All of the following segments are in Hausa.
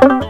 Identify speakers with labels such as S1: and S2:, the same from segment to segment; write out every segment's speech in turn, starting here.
S1: thank you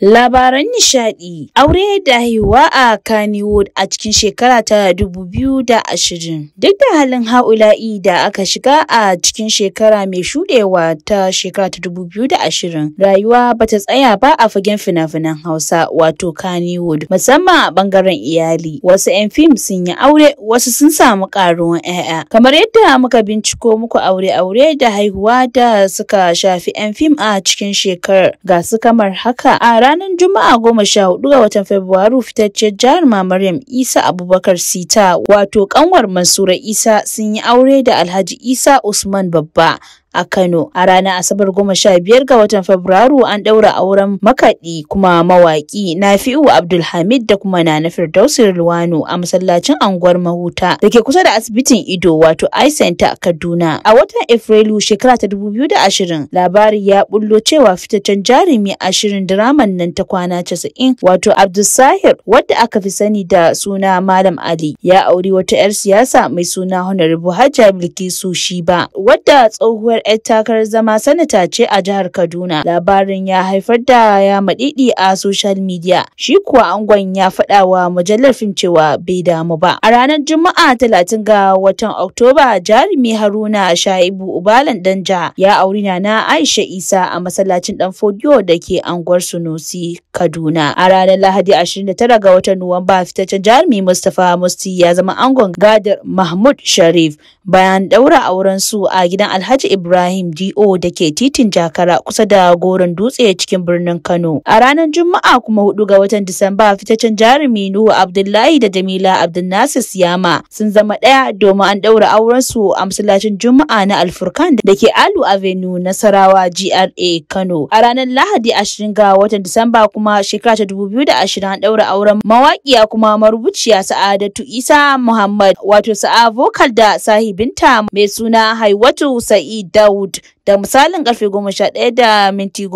S1: Labaran nishaɗi Aure da haihuwa a Kannywood a cikin shekara ta 2020 Duk da halin ha'ula'i da aka shiga a cikin shekara mai shuɗewa ta shekara ta 2020, rayuwa bata tsaya ba a fagen fina-finan Hausa wato Kannywood musamman a bangaren iyali. Wasu 'yan fim sun yi aure, wasu sun samu ƙaruwan 'ya'ya. Kamar yadda muka binciko muku aure-aure da haihuwa da suka shafi 'yan fim a cikin shekarar ga su kamar haka a Ranar Juma'a goma sha hudu ga watan Fabrairu fitacciyar jihar Maryam Isa Abubakar Sita wato kanwar Mansura Isa sun yi aure da Alhaji Isa Usman Babba a Kano. A ranar Asabar goma sha biyar ga watan Fabrairu an ɗaura auren makaɗi kuma mawaƙi na Nafi'u Abdulhamid da kuma Nana Firdausi Rilwano a masallacin anguwar Mahuta da ke kusa da asibitin Ido wato Eye Center Kaduna. A watan Afrilu shekara ta dubu biyu da ashirin labari ya bullo cewa fitaccen jarumi ashirin diraman nan ta kwana casa'in wato Abdulsahir wadda aka fi sani da suna Malam Ali ya auri wata 'yar siyasa mai suna Honorable Hajja Bilkisu Shiba wadda tsohuwar Umar 'yar takarar zama sanata ce a jihar Kaduna. Labarin ya haifar da ya maɗiɗi a social media. Shi kuwa angon ya faɗa wa mujallar fim cewa bai damu ba. A ranar Juma'a 30 ga watan Oktoba jarumi Haruna Shaibu Ubalan Danja ya auri Nana Aisha Isa a masallacin Dan Fodiyo da ke anguwar Sunusi, Kaduna. A ranar Lahadi 29 ga watan Nuwamba fitaccen jarumi Mustapha Musti ya zama angon gadar Mahmud Sharif bayan daura auren su a gidan Alhaji Ibrahim Ibrahim DO da ke titin Jakara kusa da Goron Dutse cikin birnin Kano. A ranar Juma'a kuma hudu ga watan Disamba fitaccen jarumi Nuhu Abdullahi da Jamila Abdulnasir Siyama sun zama ɗaya domin an ɗaura aurensu a masallacin Juma'a na Alfurkan da ke Alu Avenue Nasarawa GRA Kano. A ranar Lahadi ashirin ga watan Disamba kuma shekara ta dubu biyu da ashirin an ɗaura auren mawaƙiya kuma marubuciya Sa'adatu Isa Muhammad wato sa'a vocal da sahibinta mai suna Haiwatu Sa'id they would da misalin karfe ɗaya da minti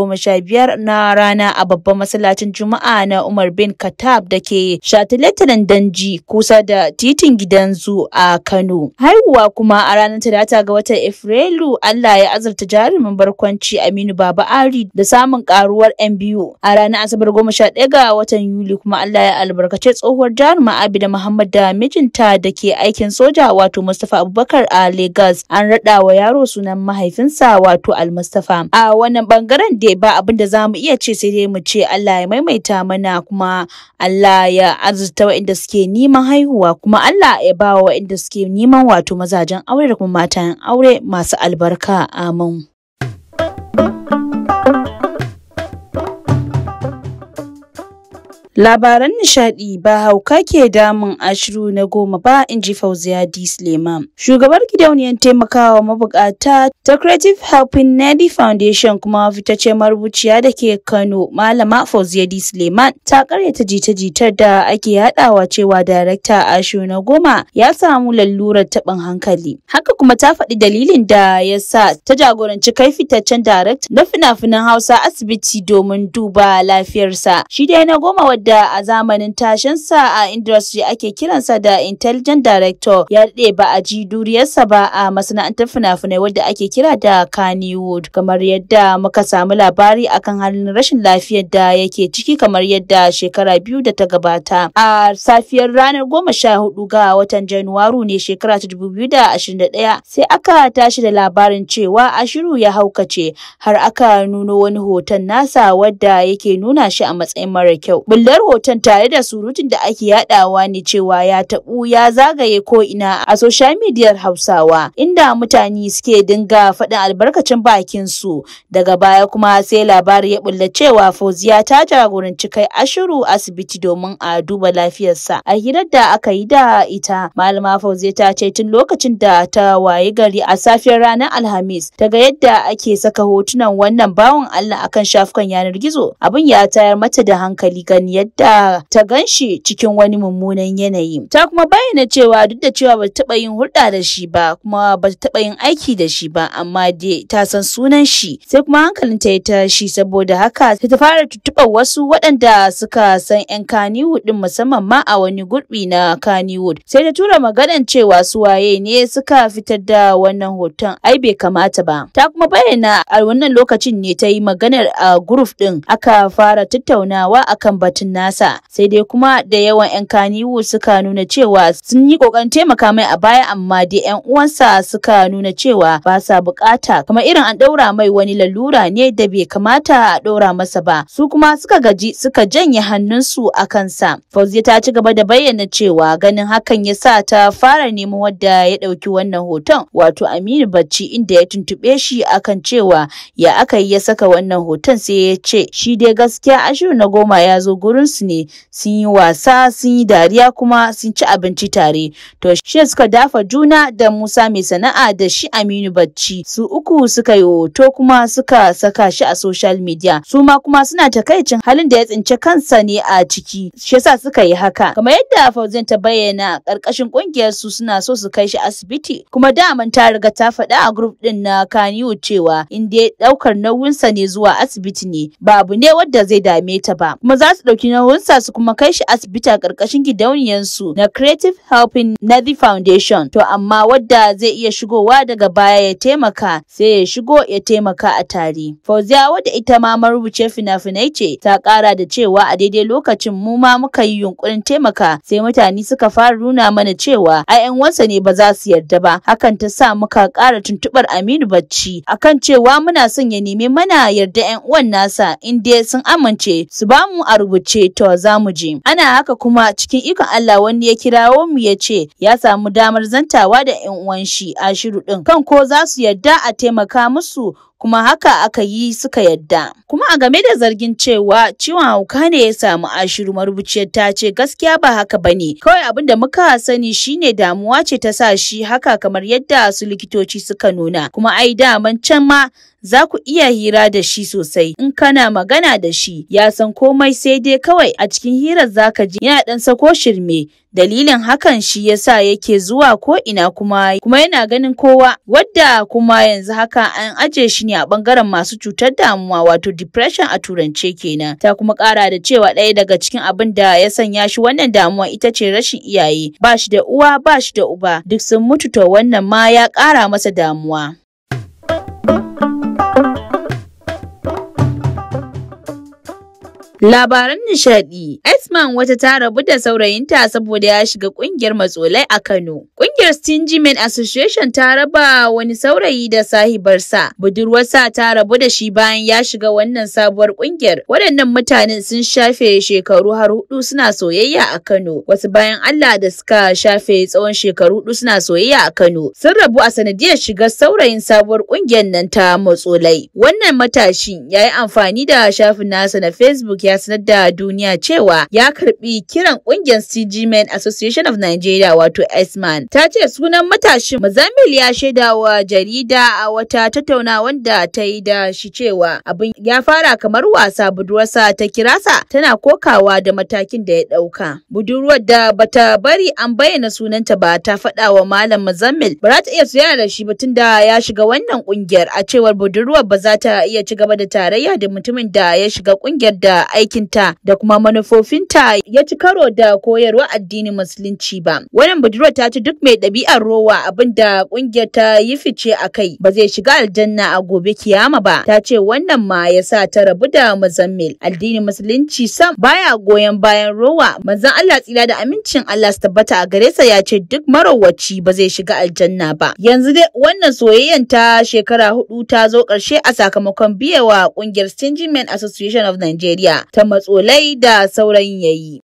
S1: biyar na rana a babban masallacin Juma'a na Umar bin katab da ke Shatiletinan Danji kusa da titin gidan zu a Kano. Haihuwa kuma a ranar Talata ga watan Afrilu Allah ya azurta jarumin barkwanci Aminu Baba Ari da samun karuwar yan biyu. A ranar Asabar ɗaya ga watan Yuli kuma Allah ya albarkace tsohuwar jaruma da Muhammad da mijinta da ke aikin soja wato Mustapha Abubakar a Legas An raɗa wa yaro sunan mahaifinsa wato almustafa a wannan bangaren dai ba abin da mu iya ce sai dai mu ce Allah ya maimaita mana kuma Allah ya azurta waɗanda suke neman haihuwa kuma Allah ya ba wa waɗanda suke neman wato mazajen aure da kuma matayen aure masu albarka amin Labaran nishaɗi ba hauka ke damun ashiru na goma ba in ji Fauziya D. Suleiman. Shugabar gidauniyar taimakawa mabukata ta Creative Helping Nadi Foundation kuma ce marubuciya da ke Kano Malama Fauziya D. Suleiman ta karyata jita-jitar da ake haɗawa cewa darakta ashiru na goma ya samu lalurar taɓin hankali. Haka kuma ta faɗi dalilin da ya sa ta jagoranci kai fitaccen darakta na fina-finan Hausa asibiti domin duba lafiyarsa. Shi dai na goma wadda a zamanin tashin sa a industry ake kiransa da intelligent director ya daɗe ba a ji duriyarsa ba a masana'antar fina-finai wadda ake kira da Kannywood kamar yadda muka samu labari akan halin rashin lafiyar da yake ciki kamar yadda shekara biyu da ta gabata a safiyar ranar goma sha hudu ga watan Januwaru ne shekara ta dubu biyu da ashirin da ɗaya sai aka tashi da labarin cewa Ashiru ya haukace har aka nuno wani hoton nasa wadda yake nuna shi a matsayin mara kyau. bullo Shigar hoton tare da surutun da ake yadawa ne cewa ya taɓu ya zagaye ko ina a social midiyar Hausawa, inda mutane suke dinga faɗin albarkacin bakin su, Daga baya kuma sai labari ya bulla cewa Fauziya ta jagoranci kai ashiru asibiti domin a duba lafiyarsa. A hirar da aka yi da ita, Malama Fauziya ta ce tun lokacin da ta wayi gari a safiyar ranar Alhamis, daga yadda ake saka hotunan wannan bawan Allah akan shafukan yanar gizo, Abun ya tayar mata da hankali gani yadda ta ganshi cikin wani mummunan yanayi. Ta kuma bayyana cewa duk da cewa ba ta taɓa yin hulɗa da shi ba kuma ba ta taɓa yin aiki da shi ba amma dai ta san sunan shi sai kuma hankalinta ya tashi saboda haka ta fara tuttuɓar wasu waɗanda suka san 'yan Kannywood ɗin musamman ma a wani gurbi na Kannywood sai ta tura maganan cewa su waye ne suka fitar da wannan hoton ai bai kamata ba. Ta kuma bayyana a wannan lokacin ne ta yi maganar a guruf ɗin aka fara tattaunawa akan batun nasa sai dai kuma da yawan 'yan kaniwu suka nuna cewa sun yi kokarin taimaka mai a baya amma dai 'yan uwansa suka nuna cewa ba sa bukata kamar irin an daura mai wani lalura ne da bai kamata a daura masa ba su kuma suka gaji suka janye hannunsu a kansa fauziya ta ci gaba da bayyana cewa ganin hakan ya sa ta fara neman wadda ya ɗauki wannan hoton wato aminu bacci inda ya tuntuɓe shi akan cewa ya aka yi ya saka wannan hoton sai ya ce shi dai gaskiya ashirin na goma ya zo gurin su ne sun yi wasa sun yi dariya kuma sun ci abinci tare to shi suka dafa juna da musa mai sana'a da shi aminu bacci su uku suka yi hoto kuma suka saka shi a social media su ma kuma suna takaicin halin da ya tsinci kansa ne a ciki shi yasa suka yi haka kamar yadda fauzin ta bayyana karkashin kungiyar su suna so su kai shi asibiti kuma daman ta riga ta faɗa a group din na kaniyu cewa in ɗaukar nauyinsa ne zuwa asibiti ne babu ne wadda zai dame ta ba kuma za su ɗauki sa su kuma kai shi asibiti a ƙarƙashin gidauniyarsu na Creative Helping Navi Foundation. To amma wadda zai iya shigowa daga baya ya taimaka sai ya shigo ya taimaka a tari. Fauziya wadda ita ma marubuce fina-finai ce ta ƙara da cewa a daidai lokacin mu ma muka yi yunkurin taimaka sai mutane suka fara nuna mana cewa ai wansa ne ba za su yarda ba hakan ta sa muka ƙara tuntuɓar Aminu Bacci akan cewa muna son ya nemi mana yarda 'yan uwan nasa in dai sun amince su ba mu a rubuce. ce to za mu je. Ana haka kuma cikin ikon Allah wani ya kirawo mu ya ce ya samu damar zantawa da 'yan uwan shi a shiru ɗin kan ko za su yadda a taimaka musu kuma haka aka yi suka yadda. Kuma a game da zargin cewa ciwon hauka ne ya samu ashiru marubuciyar ta ce gaskiya ba haka ba ne. Kawai abin da muka sani shine damuwa ce ta sa shi haka kamar yadda su likitoci suka nuna. Kuma ai daman can ma za ku iya hira da shi sosai in kana magana da shi ya san komai sai dai kawai a cikin hirar za ka ji yana dan sako shirme dalilin hakan shi ya sa yake zuwa ko ina kuma kuma yana ganin kowa wadda kuma yanzu haka an aje shi ne a bangaren masu cutar damuwa wato depression a turance kenan ta kuma kara da cewa ɗaya daga cikin abin da ya sanya shi wannan damuwa ita ce rashin iyaye ba shi da uwa ba shi da uba duk sun mutu to wannan ma ya kara masa damuwa Labaran nishadi. Esman wata ta rabu da saurayinta saboda ya shiga kungiyar matsolai a Kano. Kungiyar Stingy Men Association ta raba wani saurayi da sahibarsa. Budurwarsa ta rabu da shi bayan ya shiga wannan sabuwar kungiyar. Waɗannan mutanen sun shafe shekaru har hudu suna soyayya a Kano. Wasu bayan Allah da suka shafe tsawon shekaru hudu suna soyayya a Kano. Sun rabu a sanadiyar shiga saurayin sabuwar kungiyar nan ta matsolai. Wannan matashin ya yi amfani da shafin nasa na Facebook ya ya sanar da duniya cewa ya karbi kiran kungiyar CG Men Association of Nigeria wato s Ta ce sunan matashin Mazamil ya shaida wa jarida a wata tattauna wanda ta yi da shi cewa abin ya fara kamar wasa budurwarsa ta kirasa tana kokawa da matakin da ya ɗauka. Budurwar da bata bari an bayyana sunanta ba ta faɗa wa Malam Muzammil ba ta iya suyana da shi batun da ya shiga wannan kungiyar, a cewar budurwar ba za ta iya ci gaba da tarayya da mutumin da ya shiga kungiyar da ai aikinta da kuma manufofinta ya ci karo da koyarwa addinin musulunci ba. Wannan budurwar ta ci duk mai ɗabi'ar rowa abinda ƙungiyar ta yi fice a kai ba zai shiga aljanna a gobe kiyama ba. Ta ce wannan ma ya sa ta rabu da muzammil. Addinin musulunci sam baya goyon bayan rowa. Manzon Allah tsira da amincin Allah su tabbata a gare sa ya ce duk marowaci ba zai shiga aljanna ba. Yanzu dai wannan soyayyan ta shekara hudu ta zo ƙarshe a sakamakon biyewa ƙungiyar Stingy Men Association of Nigeria ta matsolai da sauran yayi.